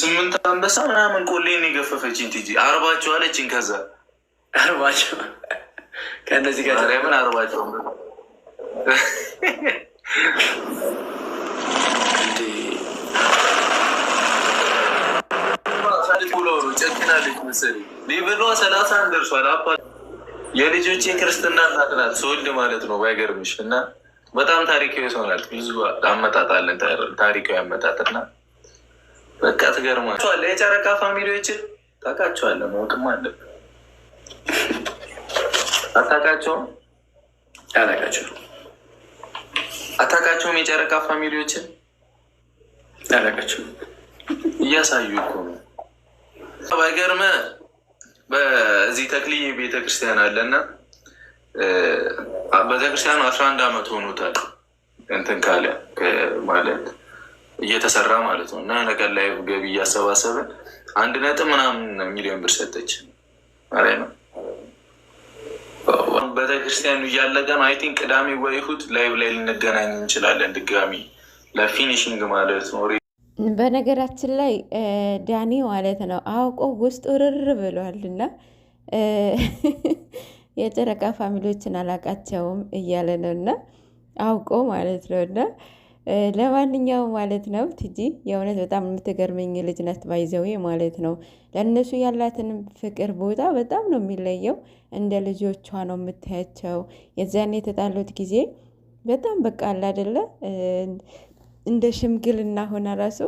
ስምንት አንበሳ ምናምን ቆሌን የገፈፈችን ቲጂ አርባቸው አለችን። ከዛ አርባቸው ከእነዚህ ጋር ምን አርባቸው ጨክናለች መሰለኝ። ሌብሏ ሰላሳ ደርሷል። አባ የልጆቼ ክርስትና እናትናት ናት፣ ስወልድ ማለት ነው። ባይገርምሽ እና በጣም ታሪካዊ ሰው ናት። ብዙ አመጣጣለን ታሪካዊ አመጣጥና በቃ ትገርማል። የጨረቃ ፋሚሊዎችን ታውቃቸዋለህ። ማወቅም አለብህ። አታውቃቸውም? አላውቃቸውም። አታውቃቸውም? የጨረቃ ፋሚሊዎችን አላውቃቸውም። እያሳዩ እኮ ነው። ባይገርምህ በዚህ ተክልዬ ቤተክርስቲያን አለና ቤተክርስቲያኑ አስራ አንድ አመት ሆኖታል እንትን ካለ ማለት እየተሰራ ማለት ነው እና ነገር ላይ ገቢ እያሰባሰበ አንድ ነጥብ ምናምን ሚሊዮን ብር ሰጠች ማለት ነው። ቤተክርስቲያኑ እያለቀ ነው። አይ ቲንክ ቅዳሜ ወይ እሑድ ላይቭ ላይ ልንገናኝ እንችላለን ድጋሚ ለፊኒሽንግ ማለት ነው። በነገራችን ላይ ዳኒ ማለት ነው አውቆ ውስጥ ርር ብሏል እና የጨረቃ ፋሚሊዎችን አላቃቸውም እያለ ነው እና አውቆ ማለት ነው እና ለማንኛውም ማለት ነው ትጂ የእውነት በጣም የምትገርመኝ ልጅ ናት። ባይዘዌ ማለት ነው ለእነሱ ያላትን ፍቅር ቦታ በጣም ነው የሚለየው። እንደ ልጆቿ ነው የምታያቸው። የዚያን የተጣሉት ጊዜ በጣም በቃ አለ አይደለ እንደ ሽምግልና ሆና ራሱ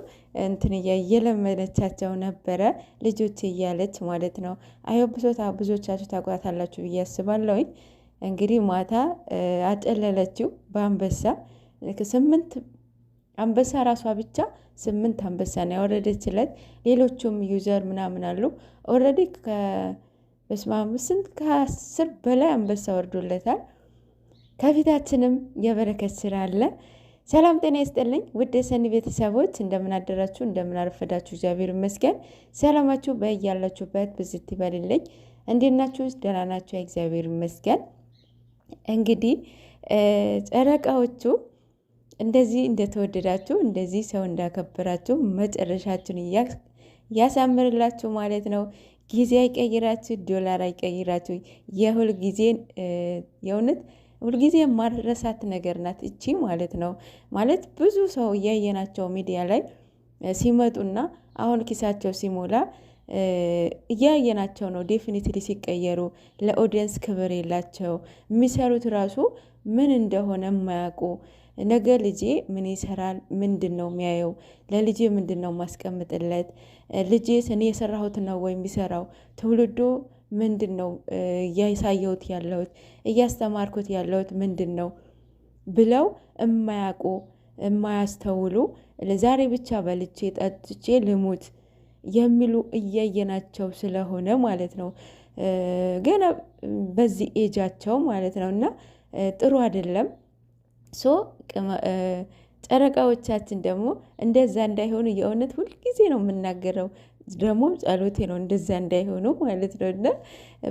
እንትን እየለመነቻቸው ነበረ ልጆች እያለች ማለት ነው። አዮ ብሶታ ብዙዎቻችሁ ታውቋታላችሁ ብዬ አስባለሁኝ። እንግዲህ ማታ አጨለለችው በአንበሳ ስምንት አንበሳ ራሷ ብቻ ስምንት አንበሳ ነው ያወረደችለት። ሌሎቹም ዩዘር ምናምን አሉ ኦልሬዲ ስንት ከአስር በላይ አንበሳ ወርዶለታል። ከፊታችንም የበረከት ስራ አለ። ሰላም ጤና ይስጥልኝ ውድ የሰኒ ቤተሰቦች እንደምናደራችሁ እንደምናረፈዳችሁ እግዚአብሔር ይመስገን። ሰላማችሁ በያላችሁበት ብዝት ይበልልኝ። እንዴናችሁ? ደህና ናችሁ? እግዚአብሔር ይመስገን። እንግዲህ ጨረቃዎቹ እንደዚህ እንደተወደዳችሁ እንደዚህ ሰው እንዳከበራችሁ መጨረሻችሁን እያሳምርላችሁ ማለት ነው። ጊዜ አይቀይራችሁ፣ ዶላር አይቀይራችሁ። የሁል ጊዜ የእውነት ሁልጊዜ ማረሳት ነገር ናት እቺ ማለት ነው። ማለት ብዙ ሰው እያየናቸው ሚዲያ ላይ ሲመጡና አሁን ኪሳቸው ሲሞላ እያየናቸው ነው። ዴፊኒትሊ ሲቀየሩ ለኦዲየንስ ክብር የላቸው የሚሰሩት ራሱ ምን እንደሆነ የማያውቁ ነገ ልጄ ምን ይሰራል? ምንድን ነው የሚያየው? ለልጄ ምንድን ነው ማስቀምጥለት? ልጄ እኔ የሰራሁት ነው ወይ የሚሰራው? ትውልዶ ምንድን ነው እያሳየሁት ያለሁት እያስተማርኩት ያለሁት ምንድን ነው ብለው እማያውቁ የማያስተውሉ ለዛሬ ብቻ በልቼ ጠጥቼ ልሙት የሚሉ እያየናቸው ስለሆነ ማለት ነው። ገና በዚህ ኤጃቸው ማለት ነው እና ጥሩ አይደለም። ሶ ጨረቃዎቻችን ደግሞ እንደዛ እንዳይሆኑ የእውነት ሁልጊዜ ነው የምናገረው። ደግሞ ጸሎቴ ነው እንደዛ እንዳይሆኑ ማለት ነው። እና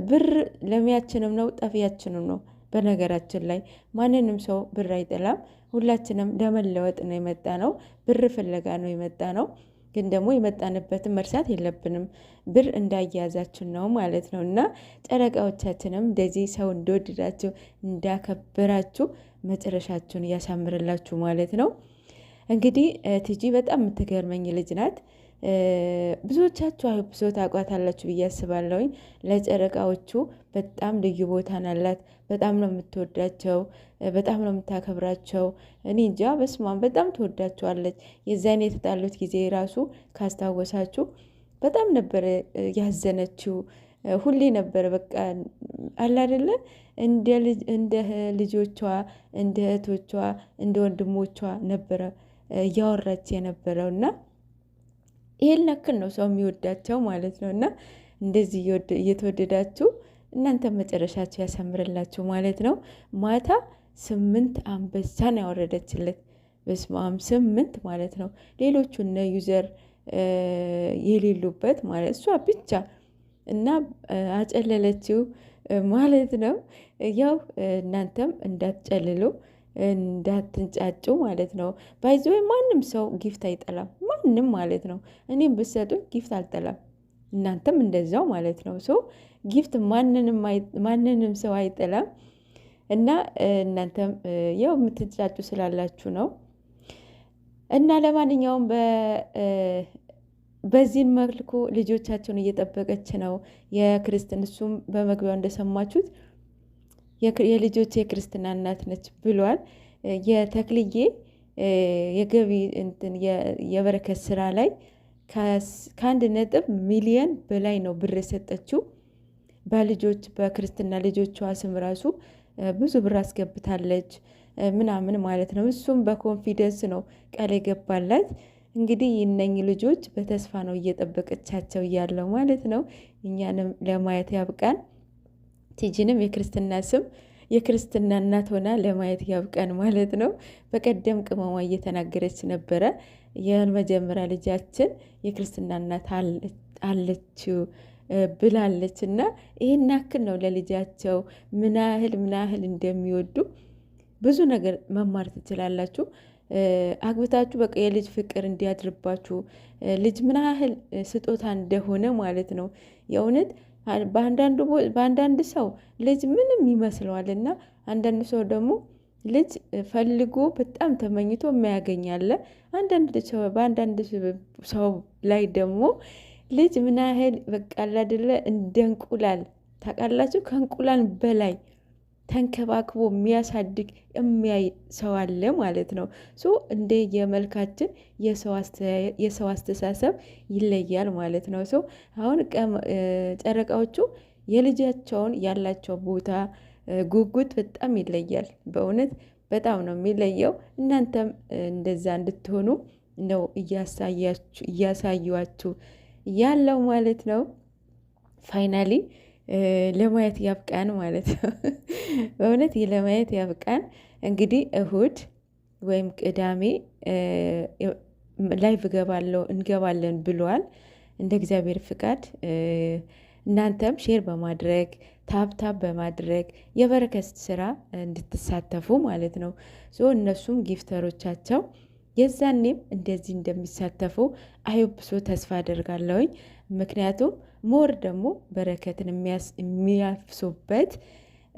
ብር ለሚያችንም ነው ጠፊያችንም ነው። በነገራችን ላይ ማንንም ሰው ብር አይጠላም። ሁላችንም ለመለወጥ ነው የመጣ ነው። ብር ፍለጋ ነው የመጣ ነው። ግን ደግሞ የመጣንበትን መርሳት የለብንም። ብር እንዳያያዛችን ነው ማለት ነው። እና ጨረቃዎቻችንም እንደዚህ ሰው እንደወደዳችሁ እንዳከበራችሁ መጨረሻችሁን እያሳምርላችሁ ማለት ነው። እንግዲህ ቲጂ በጣም የምትገርመኝ ልጅ ናት። ብዙዎቻችሁ ብዙ ታውቋታላችሁ ብዬ አስባለሁኝ። ለጨረቃዎቹ በጣም ልዩ ቦታ ናላት። በጣም ነው የምትወዳቸው፣ በጣም ነው የምታከብራቸው። እኔ እንጃ በስማን በጣም ትወዳቸዋለች። የዛን የተጣሉት ጊዜ ራሱ ካስታወሳችሁ በጣም ነበር ያዘነችው። ሁሌ ነበር በቃ አለ አይደለ እንደ ልጆቿ እንደ እህቶቿ እንደ ወንድሞቿ ነበረ እያወራች የነበረው እና ይሄን ያክል ነው ሰው የሚወዳቸው ማለት ነው። እና እንደዚህ እየተወደዳችሁ እናንተ መጨረሻችሁ ያሳምርላችሁ ማለት ነው። ማታ ስምንት አንበሳን ያወረደችለት በስመ አብ ስምንት ማለት ነው። ሌሎቹ እነ ዩዘር የሌሉበት ማለት እሷ ብቻ እና አጨለለችው ማለት ነው። ያው እናንተም እንዳትጨልሉ እንዳትንጫጩ ማለት ነው። ባይዞ ማንም ሰው ጊፍት አይጠላም። ማንም ማለት ነው። እኔም ብሰጡኝ ጊፍት አልጠላም። እናንተም እንደዛው ማለት ነው። ሰው ጊፍት ማንንም ሰው አይጠላም እና እናንተም ያው የምትንጫጩ ስላላችሁ ነው እና ለማንኛውም በዚህን መልኩ ልጆቻቸውን እየጠበቀች ነው የክርስትን እሱም በመግቢያው እንደሰማችሁት የልጆች የክርስትና እናት ነች ብሏል። የተክልዬ የገቢ የበረከት ስራ ላይ ከአንድ ነጥብ ሚሊየን በላይ ነው ብር የሰጠችው። በልጆች በክርስትና ልጆቿ ስም ራሱ ብዙ ብር አስገብታለች ምናምን ማለት ነው። እሱም በኮንፊደንስ ነው ቃል የገባላት። እንግዲህ እነኝ ልጆች በተስፋ ነው እየጠበቀቻቸው እያለው ማለት ነው። እኛንም ለማየት ያብቃን። ቲጂንም የክርስትና ስም የክርስትና እናት ሆና ለማየት ያብቃን ማለት ነው። በቀደም ቅመሟ እየተናገረች ነበረ። የመጀመሪያ ልጃችን የክርስትና እናት አለችው ብላለች እና ይህን ያክል ነው ለልጃቸው ምናህል ምናህል እንደሚወዱ ብዙ ነገር መማር ትችላላችሁ። አግብታችሁ በቃ የልጅ ፍቅር እንዲያድርባችሁ ልጅ ምን ያህል ስጦታ እንደሆነ ማለት ነው የእውነት በአንዳንድ ሰው ልጅ ምንም ይመስለዋል እና አንዳንድ ሰው ደግሞ ልጅ ፈልጎ በጣም ተመኝቶ የሚያገኛለ አንዳንድ ሰው በአንዳንድ ሰው ላይ ደግሞ ልጅ ምን ያህል በቃ አይደለ እንደ እንቁላል ታውቃላችሁ ከእንቁላል በላይ ተንከባክቦ የሚያሳድግ የሚያይ ሰው አለ ማለት ነው። ሶ እንደ የመልካችን የሰው አስተሳሰብ ይለያል ማለት ነው። ሶ አሁን ጨረቃዎቹ የልጃቸውን ያላቸው ቦታ ጉጉት በጣም ይለያል። በእውነት በጣም ነው የሚለየው። እናንተም እንደዛ እንድትሆኑ ነው እያሳያችሁ ያለው ማለት ነው ፋይናሊ ለማየት ያብቃን ማለት ነው። በእውነት ለማየት ያብቃን። እንግዲህ እሁድ ወይም ቅዳሜ ላይቭ እንገባለን ብሏል። እንደ እግዚአብሔር ፍቃድ እናንተም ሼር በማድረግ ታብታብ በማድረግ የበረከት ስራ እንድትሳተፉ ማለት ነው። ሶ እነሱም ጊፍተሮቻቸው የዛኔም እንደዚህ እንደሚሳተፉ አይብሶ ተስፋ አደርጋለሁኝ። ምክንያቱም ሞር ደግሞ በረከትን የሚያፍሱበት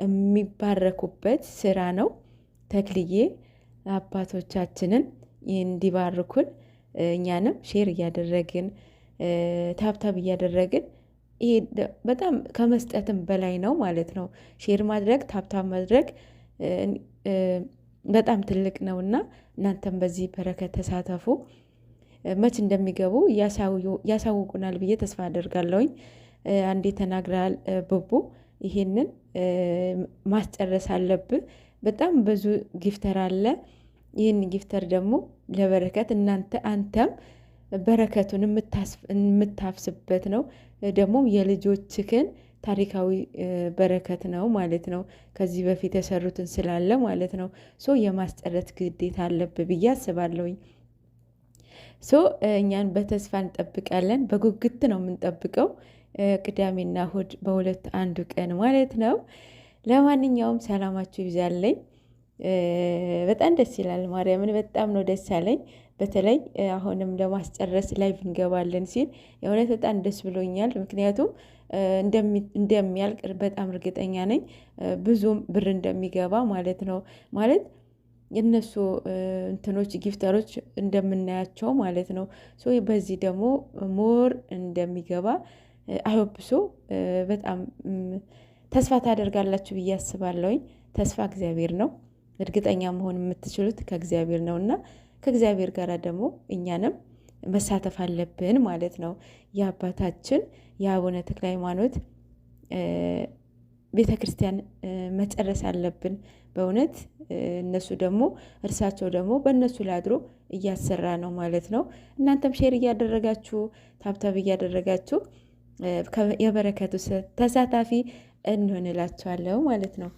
የሚባረኩበት ስራ ነው። ተክልዬ አባቶቻችንን እንዲባርኩን እኛንም ሼር እያደረግን ታብታብ እያደረግን ይሄ በጣም ከመስጠትም በላይ ነው ማለት ነው። ሼር ማድረግ ታብታብ ማድረግ በጣም ትልቅ ነው እና እናንተም በዚህ በረከት ተሳተፉ። መች እንደሚገቡ ያሳውቁናል ብዬ ተስፋ አደርጋለሁኝ። አንዴ ተናግራል ብቡ ይሄንን ማስጨረስ አለብህ። በጣም ብዙ ጊፍተር አለ። ይህን ጊፍተር ደግሞ ለበረከት እናንተ አንተም በረከቱን የምታፍስበት ነው። ደግሞ የልጆችክን ታሪካዊ በረከት ነው ማለት ነው። ከዚህ በፊት የሰሩትን ስላለ ማለት ነው። ሶ የማስጨረስ ግዴታ አለብ ብዬ አስባለሁኝ። ሶ እኛን በተስፋ እንጠብቃለን። በጉጉት ነው የምንጠብቀው። ቅዳሜና እሁድ በሁለት አንዱ ቀን ማለት ነው። ለማንኛውም ሰላማችሁ ይብዛለኝ። በጣም ደስ ይላል። ማርያምን በጣም ነው ደስ አለኝ። በተለይ አሁንም ለማስጨረስ ላይቭ እንገባለን ሲል የእውነት በጣም ደስ ብሎኛል። ምክንያቱም እንደሚያልቅ በጣም እርግጠኛ ነኝ። ብዙም ብር እንደሚገባ ማለት ነው ማለት እነሱ እንትኖች ጊፍተሮች እንደምናያቸው ማለት ነው። በዚህ ደግሞ ሞር እንደሚገባ አይወብሶ በጣም ተስፋ ታደርጋላችሁ ብዬ አስባለሁኝ። ተስፋ እግዚአብሔር ነው። እርግጠኛ መሆን የምትችሉት ከእግዚአብሔር ነው እና ከእግዚአብሔር ጋር ደግሞ እኛንም መሳተፍ አለብን ማለት ነው። የአባታችን የአቡነ ተክለ ሃይማኖት ቤተ ክርስቲያን መጨረስ አለብን። በእውነት እነሱ ደግሞ እርሳቸው ደግሞ በእነሱ አድሮ እያሰራ ነው ማለት ነው። እናንተም ሼር እያደረጋችሁ ታብታብ እያደረጋችሁ የበረከቱ ተሳታፊ እንሆንላችኋለሁ ማለት ነው።